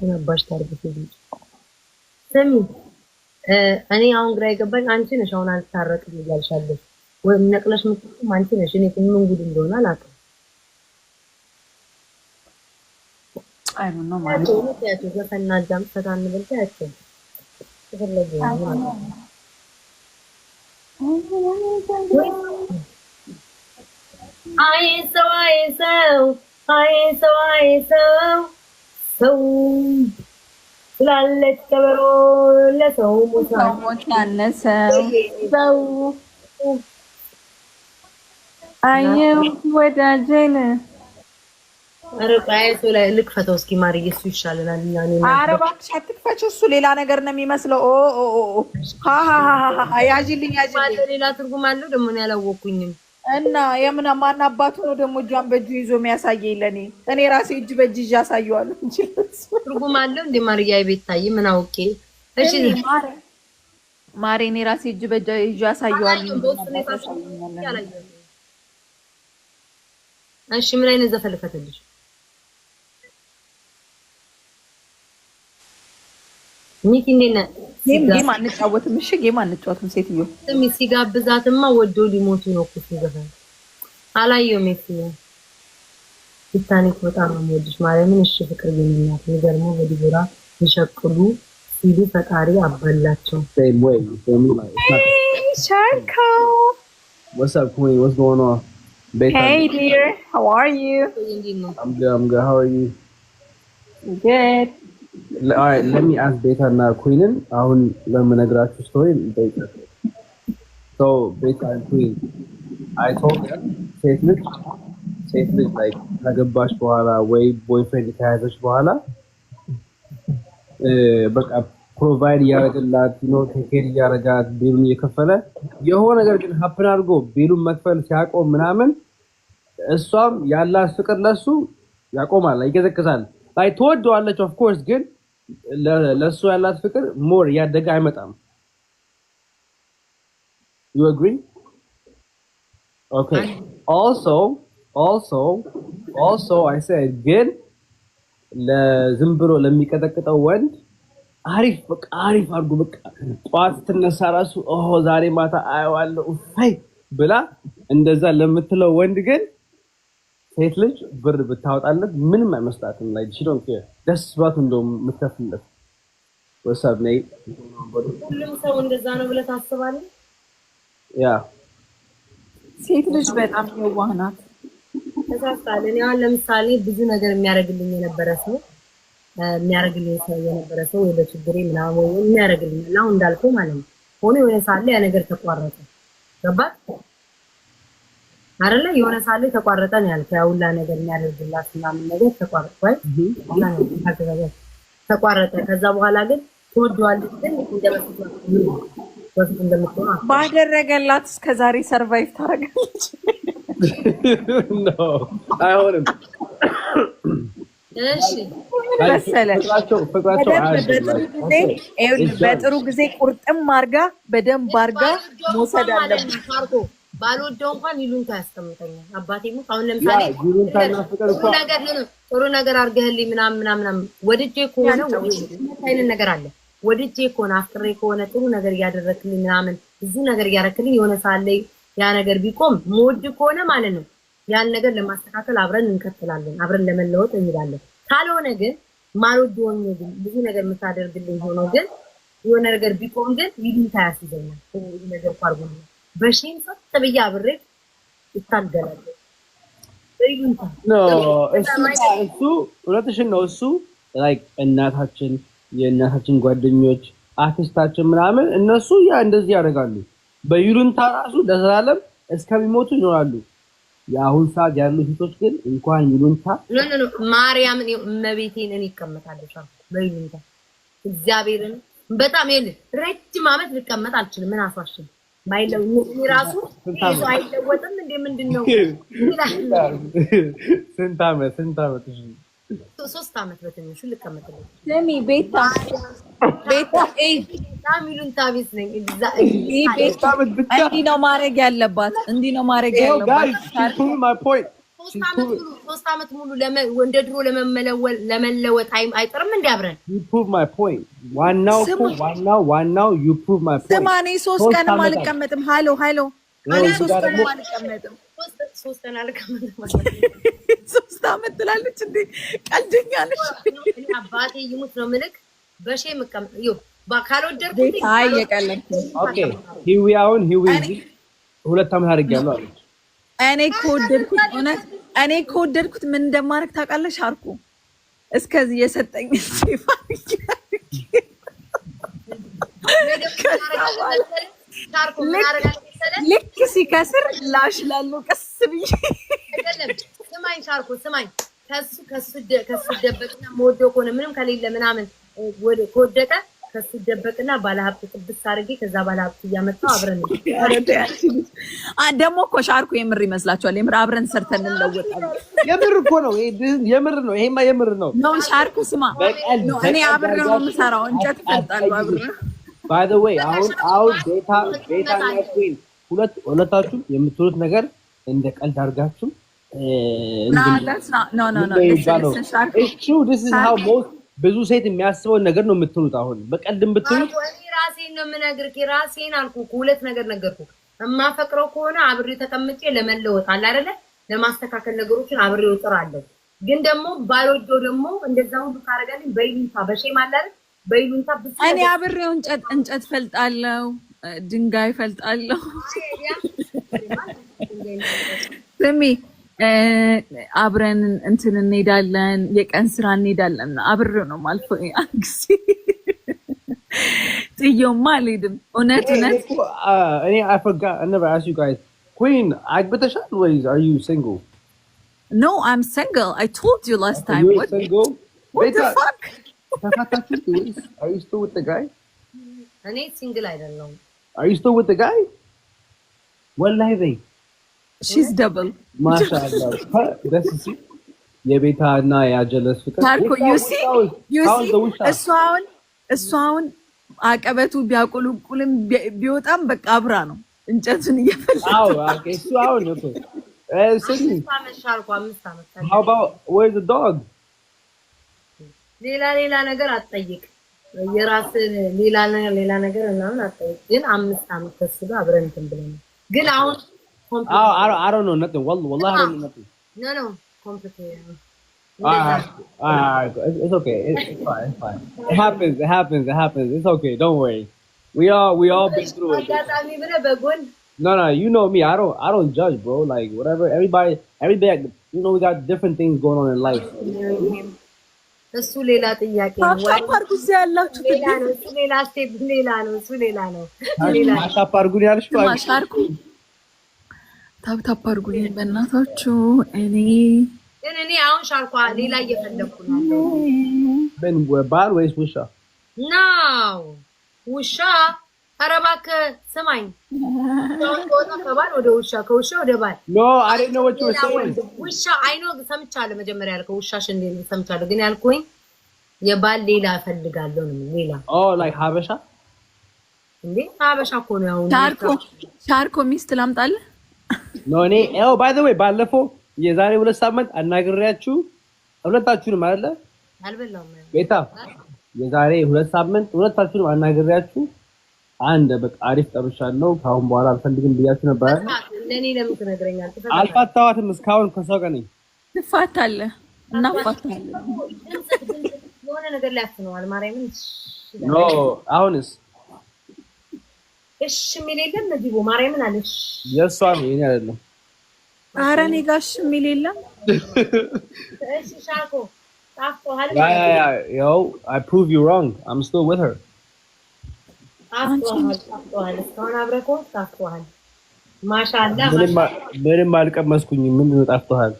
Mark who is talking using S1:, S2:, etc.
S1: ተናባሽ ታርገሽ ስሚ፣ እኔ አሁን ግራ የገባኝ አንቺ ነሽ። አሁን አልታረቅም እያልሻለሽ ወይም ነቅለሽ ምትኩም አንቺ ነሽ። እኔ ምን ጉድ እንደሆነ አላውቅም። አይ ዶንት ማለት ነው። አይ ሰው አይ ሰው አይ ሰው አይ ሰው ሰው ስላለች ከበሮ ለሰው
S2: ሞት ያነሰው ሰው አየው ወዳጄን
S1: ርቃይቱ ላይ ልክፈተው እስኪ ማርዬ፣ እሱ ይሻለናል። ኧረ እባክሽ አትክፈችው፣ እሱ ሌላ ነገር ነው የሚመስለው። ያዥልኝ ያዥልኝ። ሌላ ትርጉም አለው ደግሞ እኔ አላወኩኝም። እና የምን ማን አባቱ ነው ደግሞ እጇን በእጁ ይዞ የሚያሳየኝ? ለእኔ እኔ ራሴ እጅ በእጅ ይዤ አሳየዋለሁ እንጂ ትርጉም አለው እንደ ማርያ ቤት ታይ ምን አውቄ። እሺ ማሬ፣ እኔ ራሴ እጅ በእጅ ይዤ አሳየዋለሁ። እሺ ምን አይነት ዘፈን ልክፈትልሽ? ሚኪ እንዴት ነህ? ጌም አንጫወትም። እሺ ጌም አንጫወትም። ሴትዮ ስሚ፣ ሲጋብዛትማ ወዶ ሊሞቱ ነው እኮ ሲገባ አላየሁም። ሜት ታኒክ በጣም ነው የሚወድሽ ማርያምን። እሺ ፍቅር ግንኙነት የሚገርመው በዲቦራ ይሸቅሉ ሲሉ ፈጣሪ አባላቸው
S2: ሻርካው
S3: ለሚ ቤታ እና ኩንን አሁን ለምነግራችሁ ስቶሪ ኩን ሴት ልጅ ሴት ልጅ ላይ ከገባች በኋላ ወይ ቦይፍሬንድ ከያዘች በኋላ በቃ ፕሮቫይድ እያደረገላት ቴኬድ እያደረጋት ቤሉን እየከፈለ የሆነ ነገር ግን ሀፕን አድርጎ ቤሉን መክፈል ሲያቆም ምናምን እሷም ያላት ፍቅር ለሱ ያቆማል፣ ይቀዘቅዛል። ላይ ትወደዋለች። ኦፍ ግን ለእሱ ያላት ፍቅር ሞር እያደገ አይመጣም። ዩ አግሪ ኦኬ። ኦልሶ ኦልሶ ኦልሶ አይ ሴድ ግን ለዝም ብሎ ለሚቀጠቅጠው ወንድ አሪፍ በቃ አሪፍ አድርጎ በቃ ጠዋት ስትነሳ ራሱ ኦ ዛሬ ማታ አየዋለሁ እፈይ ብላ እንደዛ ለምትለው ወንድ ግን ሴት ልጅ ብር ብታወጣለት ምንም አይመስላትም። ላይ ዶንት ኬር ደስ ባት እንደውም የምትከፍልለት ወሳብ ነይ።
S1: ሁሉም ሰው እንደዛ ነው ብለህ ታስባለህ? ያ ሴት ልጅ በጣም የዋህ ናት። ተሳስታል። እኔ አሁን ለምሳሌ ብዙ ነገር የሚያደርግልኝ የነበረ ሰው የሚያደርግልኝ ሰው የነበረ ሰው ወደ ችግሬ ምናምን የሚያደርግልኝ አሁን እንዳልከው ማለት ነው ሆኖ የሆነ ሳለ ያ ነገር ተቋረጠ። ገባት አይደለ የሆነ ሰዓት ላይ ተቋረጠ ነው ያልከው። ያው ነገር የሚያደርግላት ምናምን ነገር ተቋረጠ፣ ተቋረጠ። ከዛ በኋላ ግን ትወደዋለች፣ ግን
S2: ባደረገላት እስከ ሰርቫይቭ ታደርጋለች።
S3: አይሆንም።
S2: መሰለህ፣ በጥሩ ጊዜ ቁርጥም አድርጋ በደንብ አርጋ
S1: መውሰድ አለብን። ባልወደው እንኳን ይሉኝታ ያስቀምጠኛል። አባቴ ሙት አሁን ለምሳሌ ነገር ጥሩ ነገር አድርገህልኝ ምናምን ምናምን ወድጄ ከሆነ አይነት ነገር አለ። ወድጄ ከሆነ አፍቅሬ ከሆነ ጥሩ ነገር እያደረክልኝ ምናምን ብዙ ነገር እያደረክልኝ የሆነ ሰዓት ያ ነገር ቢቆም መወድ ከሆነ ማለት ነው ያን ነገር ለማስተካከል አብረን እንከትላለን፣ አብረን ለመለወጥ እንሄዳለን። ካልሆነ ግን ማልወደውኝ ግን ብዙ ነገር የምታደርግልኝ ሆኖ ግን የሆነ ነገር ቢቆም ግን ይሉኝታ ያስይዘኛል ነገር ኳርጎ በሺህም ጸጥ ብዬ አብሬ ይታገላለሁ።
S3: እሱ እውነትሽን ነው። እሱ ላይክ እናታችን፣ የእናታችን ጓደኞች፣ አክስታችን ምናምን እነሱ ያ እንደዚህ ያደርጋሉ። በይሉንታ ራሱ ለዘላለም እስከሚሞቱ ይኖራሉ። የአሁን ሰዓት ያሉ ሴቶች ግን እንኳን ይሉንታ
S1: ማርያምን እመቤቴን እኔ ይቀመጣለች በይሉንታ እግዚአብሔርን በጣም ይል ረጅም አመት ልቀመጥ አልችልም። ምን አሷሽን ማይለው ራሱ ይዞ አይለወጥም። እንደ ምንድን ነው
S3: ስንት ዓመት ስንት ዓመት
S1: ሶስት ዓመት በትንሹ ልቀመጥልኝ።
S2: ስሚ ቤታ ቤታ ነው ማድረግ ያለባት፣ እንዲህ ነው ማድረግ
S3: ያለባት።
S1: ሶስት አመት ሙሉ እንደ ድሮ ለመለወጥ አይጥርም። እንዲያብረን
S3: ዋናው ስማ፣
S1: እኔ ሶስት አልቀመጥም። ሀሎ ሀሎ፣ እኔ ሶስት አልቀመጥም። ሶስት ትላለች እንዴ? ቀልደኛ አባቴ ይሙት ነው ምልክ በሼ ካልወደድኩት
S2: አይ
S3: ሂዊ አሁን ሂዊ ሁለት ዓመት አድርጌያለሁ አለች
S2: እኔ ከወደድኩት እውነት እኔ ከወደድኩት ምን እንደማድረግ ታውቃለሽ? አርኩ እስከዚህ የሰጠኝ
S1: ልክ ሲከስር ላሽ ላለው ቀስ ብዬ ስማኝ፣ ሻርኮ ስማኝ። ከሱ ከሱ ከሱ ደበቅና መወደው ከሆነ ምንም ከሌለ ምናምን ወደ ከወደቀ ከስደበቅና ደበቅና ባለሀብት ጥብስ አድርጌ ከዛ ባለሀብት እያመጣው አብረን ደግሞ እኮ ሻርኩ የምር ይመስላችኋል? የምር አብረን ሰርተን እንለወጣለን።
S3: የምር እኮ ነው፣ የምር ነው፣ ይሄማ የምር ነው።
S2: ነው ሻርኩ ስማ፣ እኔ አብረ ነው የምሰራው። እንጨት ፈልጣሉ አብረ
S3: ባይ ዘ ወይ። አሁን አሁን ቤታ ቤታ ናኩኝ ሁለት ሁለታችሁ የምትሉት ነገር እንደ ቀልድ አድርጋችሁ ብዙ ሴት የሚያስበውን ነገር ነው የምትሉት። አሁን በቀልድም ብትሉት
S1: ራሴን ነው የምነግርህ። ራሴን አልኩ ሁለት ነገር ነገርኩ። የማፈቅረው ከሆነ አብሬ ተቀምጬ ለመለወጥ አለ አይደለ ለማስተካከል ነገሮችን አብሬው እጥራለሁ። ግን ደግሞ ባልወደው ደግሞ እንደዛ ሁሉ ካረጋልኝ በይሉኝታ በሼም አለ አይደል በይሉኝታ ብዙ
S2: እኔ አብሬው እንጨት እንጨት ፈልጣለሁ፣ ድንጋይ ፈልጣለሁ። ስሚ አብረን እንትን እንሄዳለን፣ የቀን ስራ እንሄዳለን። አብሬው ነው ማልፎ ጊዜ ጥየውማ አልሄድም። እውነት እውነት
S3: እኔ አፈጋ ነበር አስ ዩ ጋይዝ ኩን አግብተሻል ወይ? አር ዩ ሲንግል?
S2: ኖ አም ሲንግል አይ ቶልድ ዩ ላስት ታይም እኔ ሲንግል አይደለሁም። አር ዩ
S3: ስቲል ዊዝ ዘ ጋይ ወላሂ በይ
S2: ሺዝ ደብል
S3: ማሻአላ ደስ ሲል የቤታ እና የአጀለስ ፍቅር
S2: እሱ አሁን እሱ አሁን አቀበቱ ቢያቆለቁልም ቢወጣም በቃ አብራ ነው እንጨቱን እየፈለገ
S3: አዎ አኬ እሱ አሁን
S1: ሌላ ሌላ ነገር አትጠይቅ። የራስህን ሌላ ሌላ ነገር ምናምን አትጠይቅ። ግን አምስት ዓመት ከሱ አብረን እንትን ብለናል። ግን አሁን
S3: Oh, I don't, I don't know nothing. Wallah, wallah, no. I don't know nothing.
S1: No, no, complicated.
S3: Alright, alright, it's, it's okay. It's, it's fine. It's fine. It happens. It happens. It happens. It's okay. Don't worry. We all we all been through it. I'm even a begun. No, no, you know me. I don't I don't judge, bro. Like whatever. Everybody, everybody. You know we got different things going on in life.
S1: እሱ ሌላ
S2: ታብታብ አድርጉልኝ በእናታችሁ። እኔ
S1: ግን እኔ አሁን ሻርኳ ሌላ እየፈለግኩ ነው።
S3: ባል ወይስ ውሻ
S1: ነው? ውሻ ኧረ እባክህ ስማኝ። ከባል ወደ ውሻ፣ ከውሻ ወደ ባል።
S3: ኖ አሬ ነው ወጭ
S1: ውሻ አይኖ ሰምቻለሁ። መጀመሪያ ያልከው ውሻሽ እንደ ሰምቻለሁ፣ ግን ያልኩኝ የባል ሌላ እፈልጋለሁ ነው።
S3: ሌላ ኦ ላይክ ሀበሻ
S1: እንዴ ሀበሻ እኮ ነው። ያው
S2: ሻርኮ ሻርኮ ሚስት ላምጣልህ
S3: ነው እኔ ያው ባይ ዘ ወይ ባለፈው የዛሬ ሁለት ሳምንት አናግሬያችሁ ሁለታችሁንም አለ ቤታ የዛሬ ሁለት ሳምንት ሁለታችሁንም አናግሬያችሁ አንድ በቃ አሪፍ ጠብሻለሁ ከአሁን በኋላ አልፈልግም ብያችሁ ነበር። አልፋታዋትም እስካሁን ከሰው ቀነኝ ማርያምን ኖ አሁንስ
S1: እሺ የሚል የለም። ነዲቦ ማርያምን አለሽ
S3: የእሷ ነው የእኔ አይደለም።
S2: ኧረ እኔ ጋር እሺ የሚል የለም።
S1: እሺ ሻርኮ
S3: ያው አይ ፕሩቭ ዩ ሮንግ አም ስቲል ዊዝ ሄር ማሻአላ ምንም አልቀመስኩኝ ምንድን ነው ጣፍቶሃል?